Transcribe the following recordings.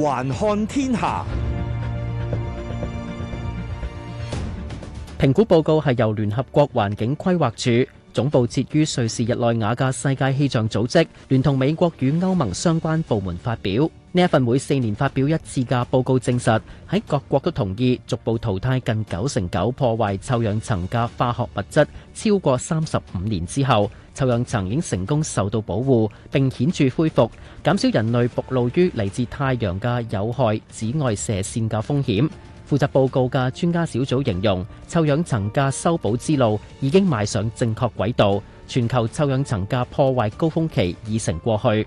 環看天下，評估報告係由聯合國環境規劃署總部設於瑞士日內瓦嘅世界氣象組織，聯同美國與歐盟相關部門發表。呢一份每四年發表一次嘅報告證實，喺各國都同意逐步淘汰近九成九破壞臭氧層嘅化學物質，超過三十五年之後。臭氧層已經成功受到保護，並顯著恢復，減少人類暴露於嚟自太陽嘅有害紫外射線嘅風險。負責報告嘅專家小組形容，臭氧層嘅修補之路已經邁上正確軌道，全球臭氧層嘅破壞高峰期已成過去。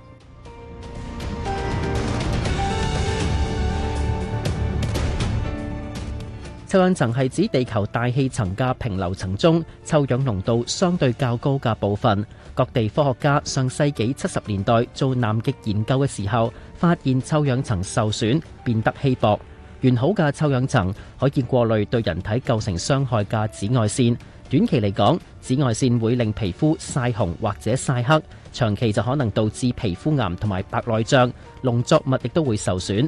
臭氧層係指地球大氣層嘅平流層中，臭氧濃度相對較高嘅部分。各地科學家上世紀七十年代做南極研究嘅時候，發現臭氧層受損，變得稀薄。完好嘅臭氧層可以過濾對人體構成傷害嘅紫外線。短期嚟講，紫外線會令皮膚曬紅或者曬黑；長期就可能導致皮膚癌同埋白內障。農作物亦都會受損。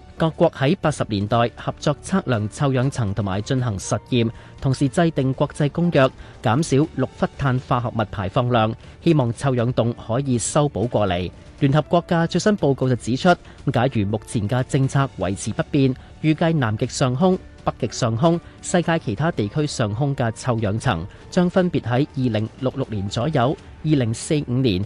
各國喺八十年代合作測量臭氧層同埋進行實驗，同時制定國際公約，減少氯氟碳化合物排放量，希望臭氧洞可以修補過嚟。聯合國嘅最新報告就指出，咁假如目前嘅政策維持不變，預計南極上空、北極上空、世界其他地區上空嘅臭氧層，將分別喺二零六六年左右、二零四五年，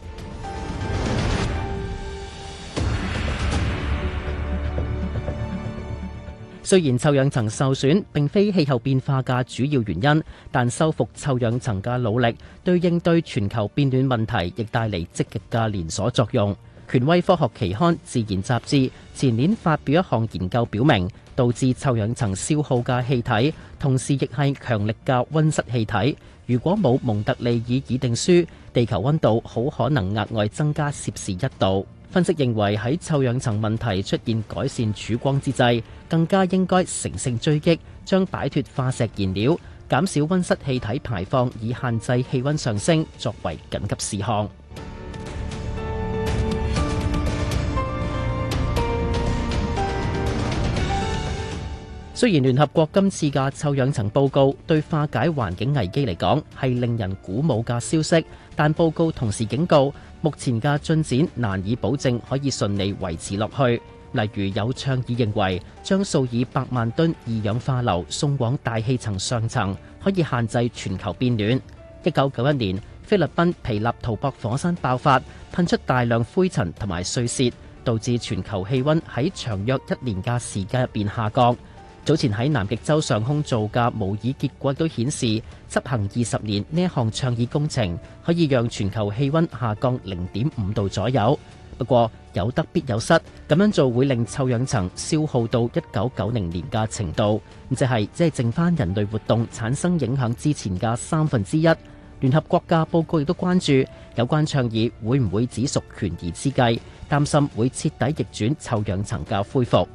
雖然臭氧層受損並非氣候變化嘅主要原因，但修復臭氧層嘅努力，對應對全球變暖問題亦帶嚟積極嘅連鎖作用。權威科學期刊《自然》雜誌前年發表一項研究，表明導致臭氧層消耗嘅氣體，同時亦係強力嘅温室氣體。如果冇蒙特利爾議定書，地球温度好可能額外增加攝氏一度。分析認為，喺臭氧層問題出現改善曙光之際，更加應該乘勝追擊，將擺脱化石燃料、減少温室氣體排放以限制氣温上升作為緊急事項。雖然聯合國今次嘅臭氧層報告對化解環境危機嚟講係令人鼓舞嘅消息，但報告同時警告。目前嘅進展難以保證可以順利維持落去，例如有倡議認為將數以百萬噸二氧化硫送往大氣層上層，可以限制全球變暖。一九九一年，菲律賓皮納圖博火山爆發，噴出大量灰塵同埋碎屑，導致全球氣温喺長約一年嘅時間入邊下降。早前喺南極洲上空做嘅模擬結果都顯示，執行二十年呢一項倡議工程，可以讓全球氣温下降零點五度左右。不過有得必有失，咁樣做會令臭氧層消耗到一九九零年嘅程度，咁即係即係剩翻人類活動產生影響之前嘅三分之一。聯合國家報告亦都關注有關倡議會唔會只屬權宜之計，擔心會徹底逆轉臭氧層嘅恢復。